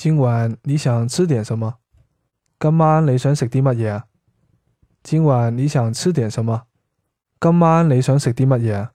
今晚你想吃點什麼？今晚你想食啲乜嘢？今晚你想吃點什麼？今晚你想食啲乜嘢？